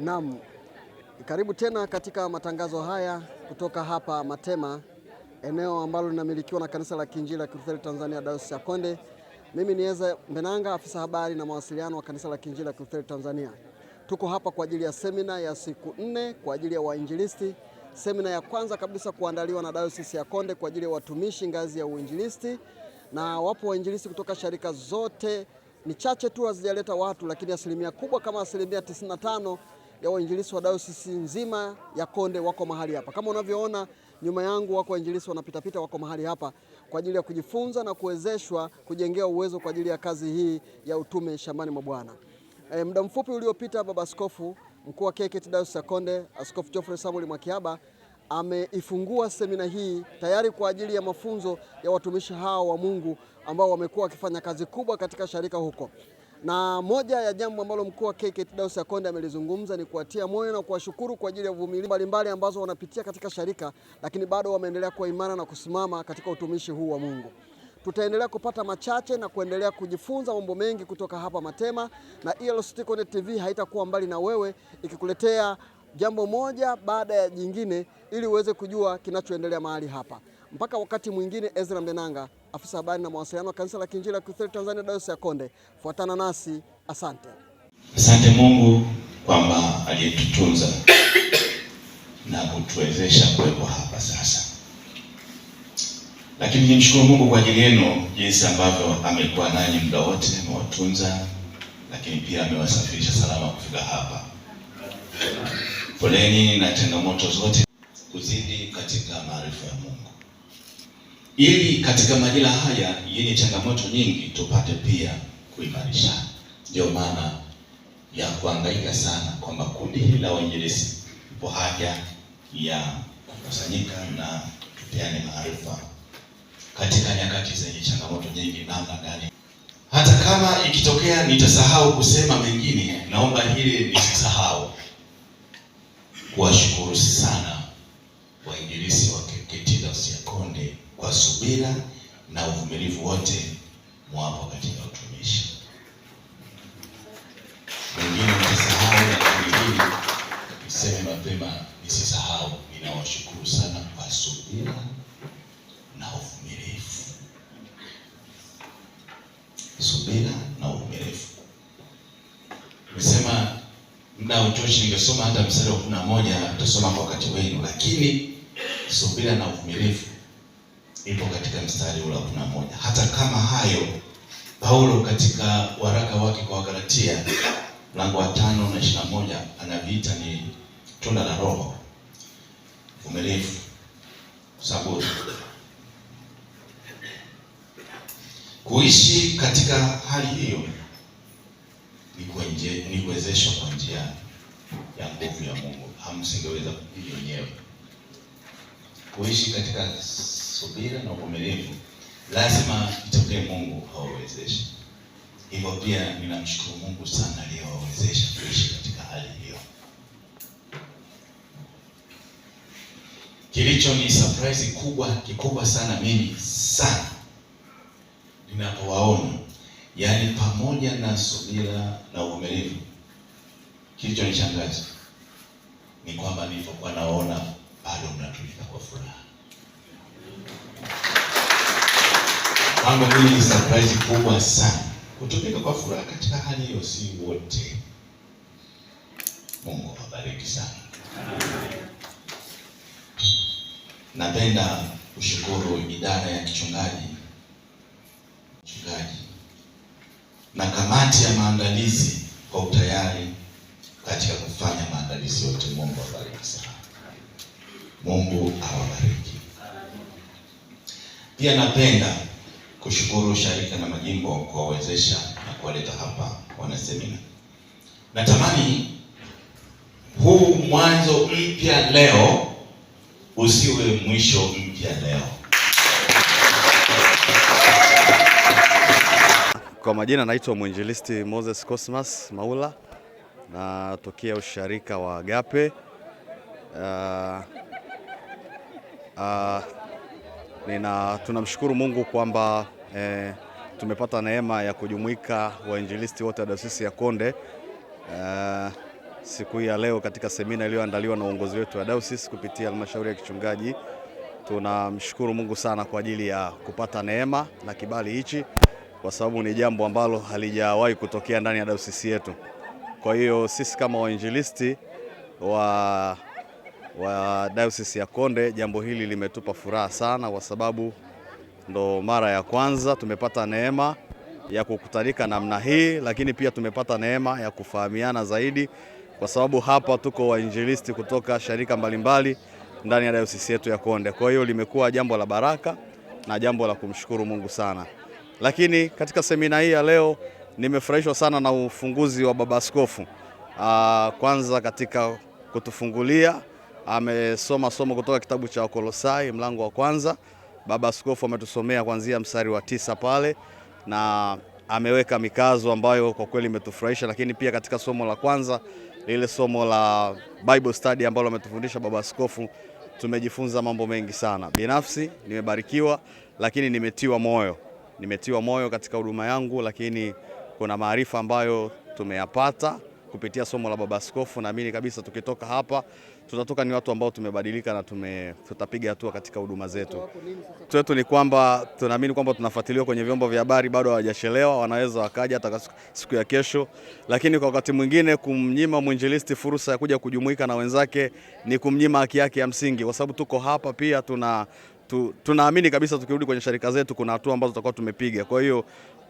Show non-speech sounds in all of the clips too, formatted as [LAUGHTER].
Naam, karibu tena katika matangazo haya kutoka hapa Matema, eneo ambalo linamilikiwa na kanisa la Kiinjili la Kilutheri Tanzania Dayosisi ya Konde. Mimi ni Eze Mbenanga, afisa habari na mawasiliano wa kanisa la Kiinjili la Kilutheri Tanzania. Tuko hapa kwa ajili ya semina ya siku nne kwa ajili ya wainjilisti, semina ya kwanza kabisa kuandaliwa na Dayosisi ya Konde kwa ajili ya watumishi ngazi ya uinjilisti, na wapo wainjilisti kutoka sharika zote. Ni chache tu hazijaleta watu, lakini asilimia kubwa kama asilimia 95 ya wainjilisi wa dayosisi nzima ya Konde wako mahali hapa. Kama unavyoona nyuma yangu, wako wainjilisti wanapitapita, wako mahali hapa kwa ajili ya kujifunza na kuwezeshwa kujengea uwezo kwa ajili ya kazi hii ya utume shambani mwa Bwana. E, muda mfupi uliopita Baba Askofu Mkuu wa KKKT Dayosisi ya Konde Askofu Geoffrey Samuel Mwakiaba ameifungua semina hii tayari kwa ajili ya mafunzo ya watumishi hawa wa Mungu ambao wamekuwa wakifanya kazi kubwa katika sharika huko. Na moja ya jambo ambalo mkuu wa KKKT Dayosisi ya Konde amelizungumza ni kuwatia moyo na kuwashukuru kwa ajili ya uvumilivu mbalimbali ambazo wanapitia katika sharika, lakini bado wameendelea kuwa imara na kusimama katika utumishi huu wa Mungu. Tutaendelea kupata machache na kuendelea kujifunza mambo mengi kutoka hapa Matema, na ELCT Connect TV haitakuwa mbali na wewe ikikuletea jambo moja baada ya jingine ili uweze kujua kinachoendelea mahali hapa. Mpaka wakati mwingine, Ezra Mbenanga afisa habari na mawasiliano wa kanisa la Kiinjili la Kilutheri Tanzania Dayosisi ya Konde. Fuatana nasi, asante. Asante Mungu kwamba aliyetutunza na kutuwezesha kuwepo hapa sasa, lakini nimshukuru Mungu kwa ajili yenu, jinsi ambavyo amekuwa nanyi muda wote, amewatunza lakini pia amewasafirisha salama kufika hapa. Poleni na changamoto zote, kuzidi katika maarifa ya Mungu ili katika majira haya yenye changamoto nyingi tupate pia kuimarisha. Ndio maana ya kuangaika sana kwamba kundi hili la wainjilisti ipo haja ya kukusanyika na tupeane maarifa katika nyakati zenye changamoto nyingi, namna gani. Hata kama ikitokea nitasahau kusema mengine, naomba hili nisisahau kuwashukuru sana na uvumilivu wote mwapo katika utumishi. Wengine mtasahau, lakini hili niseme mapema, nisisahau. Ninawashukuru sana kwa subira na uvumilivu, subira na uvumilivu. Nimesema muda utoshi, ningesoma hata mstari wa kumi na moja tutasoma kwa wakati wenu, lakini subira na uvumilivu ipo katika mstari ule wa kumi na moja. Hata kama hayo, Paulo katika waraka wake kwa Wagalatia mlango wa tano na ishirini na moja anaviita ni tunda la Roho: uvumilivu, saburi. Kuishi katika hali hiyo ni kuwezeshwa kwa njia ya nguvu ya Mungu, hamsingeweza kuishi wenyewe. Kuishi katika subira na uvumilivu, lazima itokee Mungu hawawezeshi Hivyo pia ninamshukuru Mungu sana aliyowawezesha kuishi katika hali hiyo. Kilicho ni surprise kubwa kikubwa sana mimi sana ninapowaona, yaani pamoja na subira na uvumilivu, kilicho nishangaza ni kwamba nilipokuwa naona bado mnatumika kwa furaha Kwangu mimi ni surprise kubwa sana. Kutupika kwa furaha katika hali hiyo si wote. Mungu awabariki sana. Napenda kushukuru idara ya kichungaji mchungaji na kamati ya maandalizi kwa utayari katika kufanya maandalizi yote. Mungu awabariki sana. Mungu awabariki. Pia napenda kushukuru sharika na majimbo kuwawezesha na kuwaleta hapa wanasemina. Natamani huu mwanzo mpya leo usiwe mwisho mpya leo. Kwa majina naitwa mwinjilisti Moses Cosmas Maula, natokea usharika wa Agape. Uh, uh, nina tunamshukuru Mungu kwamba e, tumepata neema ya kujumuika wainjilisti wote wa Dayosisi ya Konde e, siku hii ya leo katika semina iliyoandaliwa na uongozi wetu wa Dayosisi kupitia halmashauri ya kichungaji. Tunamshukuru Mungu sana kwa ajili ya kupata neema na kibali hichi, kwa sababu ni jambo ambalo halijawahi kutokea ndani ya Dayosisi yetu. Kwa hiyo sisi kama wainjilisti wa, wa Dayosisi ya Konde, jambo hili limetupa furaha sana kwa sababu ndo mara ya kwanza tumepata neema ya kukutanika namna hii, lakini pia tumepata neema ya kufahamiana zaidi, kwa sababu hapa tuko wainjilisti kutoka sharika mbalimbali ndani ya dayosisi yetu ya Konde. Kwa hiyo limekuwa jambo la baraka na jambo la kumshukuru Mungu sana. Lakini katika semina hii ya leo nimefurahishwa sana na ufunguzi wa Baba Askofu. Ah, kwanza katika kutufungulia amesoma somo kutoka kitabu cha Wakolosai mlango wa kwanza Baba Askofu ametusomea kuanzia mstari wa tisa pale na ameweka mikazo ambayo kwa kweli imetufurahisha, lakini pia katika somo la kwanza lile somo la Bible study ambalo ametufundisha Baba Askofu tumejifunza mambo mengi sana. Binafsi nimebarikiwa, lakini nimetiwa moyo, nimetiwa moyo katika huduma yangu, lakini kuna maarifa ambayo tumeyapata kupitia somo la Baba Askofu. Naamini kabisa tukitoka hapa tutatoka ni watu ambao tumebadilika na tume, tutapiga hatua katika huduma zetu. Twetu ni kwamba tunaamini kwamba tunafuatiliwa kwenye vyombo vya habari, bado hawajachelewa, wanaweza wakaja hata siku ya kesho, lakini kwa wakati mwingine kumnyima mwinjilisti fursa ya kuja kujumuika na wenzake ni kumnyima haki yake ya msingi, kwa sababu tuko hapa pia tuna tunaamini kabisa tukirudi kwenye sharika zetu kuna hatua ambazo tutakuwa tumepiga. Kwa hiyo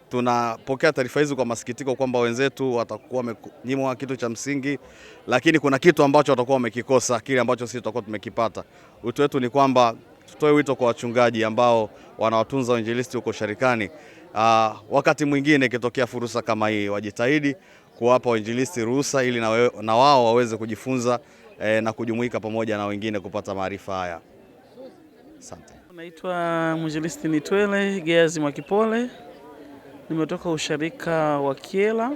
tunapokea taarifa hizi kwa masikitiko kwamba wenzetu watakuwa wamenyimwa kitu cha msingi, lakini kuna kitu ambacho watakuwa wamekikosa, kile ambacho sisi tutakuwa tumekipata. Wito wetu ni kwamba tutoe wito kwa wachungaji ambao wanawatunza wainjilisti huko sharikani. Uh, wakati mwingine ikitokea fursa kama hii, wajitahidi kuwapa wainjilisti ruhusa ili na, na wao waweze kujifunza eh, na kujumuika pamoja na wengine kupata maarifa haya. Asante. Naitwa mwinjilisti Nitwele Geazi Mwakipole. Nimetoka usharika wa Kiela.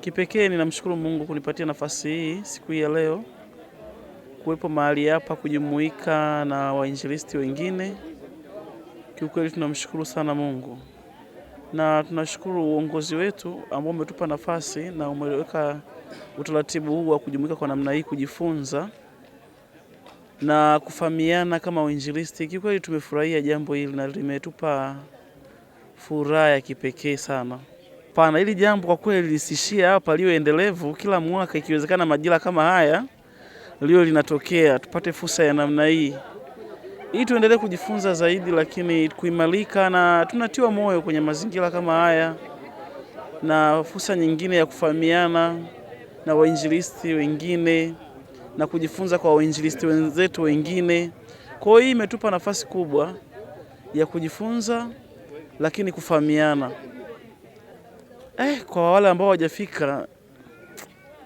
Kipekee ninamshukuru Mungu kunipatia nafasi hii siku hii ya leo kuwepo mahali hapa kujumuika na wainjilisti wengine. Kiukweli tunamshukuru sana Mungu na tunashukuru uongozi wetu ambao umetupa nafasi na umeweka utaratibu huu wa kujumuika kwa namna hii kujifunza na kufahamiana kama wainjilisti. Kiukweli tumefurahia jambo hili na limetupa furaha ya kipekee sana pana. Hili jambo kwa kweli lisishie hapa, liwe endelevu kila mwaka, ikiwezekana majira kama haya lio linatokea, tupate fursa ya namna hii ili tuendelee kujifunza zaidi, lakini kuimarika, na tunatiwa moyo kwenye mazingira kama haya na fursa nyingine ya kufahamiana na wainjilisti wengine na kujifunza kwa wainjilisti wenzetu wengine. Kwa hiyo hii imetupa nafasi kubwa ya kujifunza lakini kufahamiana. Eh, kwa wale ambao hawajafika,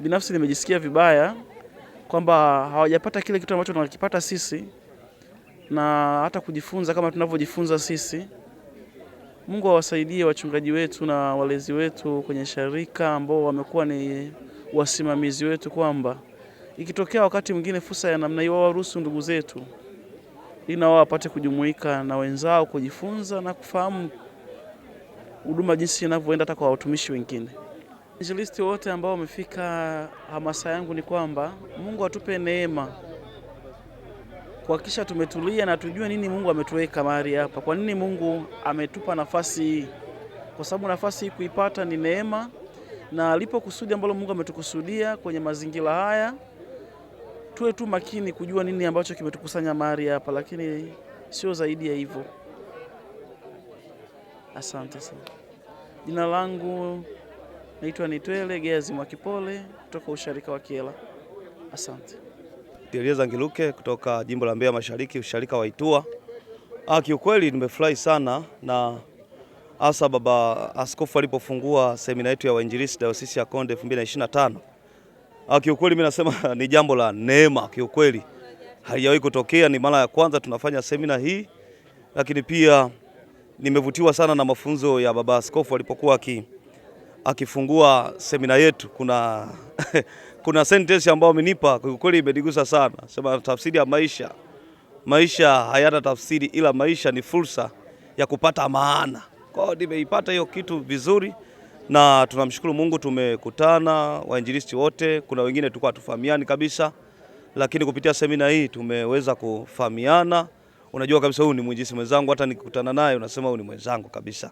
binafsi nimejisikia vibaya kwamba hawajapata kile kitu ambacho tunakipata sisi na hata kujifunza kama tunavyojifunza sisi. Mungu awasaidie wachungaji wetu na walezi wetu kwenye sharika ambao wamekuwa ni wasimamizi wetu, kwamba ikitokea wakati mwingine fursa ya namna hiyo, wawaruhusu ndugu zetu ili na wao wapate kujumuika na wenzao kujifunza na kufahamu huduma jinsi inavyoenda hata kwa watumishi wengine. Injilisti wote ambao wamefika, hamasa yangu ni kwamba Mungu atupe neema kuhakikisha tumetulia na tujue nini Mungu ametuweka mahali hapa, kwa nini Mungu ametupa nafasi hii, kwa sababu nafasi hii kuipata ni neema na lipo kusudi ambalo Mungu ametukusudia kwenye mazingira haya tuwe tu makini kujua nini ambacho kimetukusanya mahali hapa, lakini sio zaidi ya hivyo. Asante sana. Jina langu naitwa Nitwele Geazi Mwakipole kutoka usharika wa Kiela. Asante. Tereza Ngiluke kutoka jimbo la Mbeya Mashariki, usharika wa Itua. Ah, kiukweli nimefurahi sana na hasa baba askofu alipofungua semina yetu ya wainjilisti dayosisi ya Konde 2025. Ah, kiukweli mimi nasema [LAUGHS] ni jambo la neema kiukweli, haijawahi kutokea, ni mara ya kwanza tunafanya semina hii, lakini pia nimevutiwa sana na mafunzo ya baba askofu alipokuwa aki, akifungua semina yetu. Kuna [LAUGHS] kuna sentence ambayo amenipa kiukweli, imenigusa sana, sema tafsiri ya maisha, maisha hayana tafsiri, ila maisha ni fursa ya kupata maana. Kwa hiyo nimeipata hiyo kitu vizuri na tunamshukuru Mungu tumekutana wainjilisti wote. Kuna wengine tulikuwa hatufahamiani kabisa, lakini kupitia semina hii tumeweza kufahamiana. Unajua kabisa huyu ni mwinjilisti mwenzangu, hata nikikutana naye unasema huyu ni mwenzangu kabisa.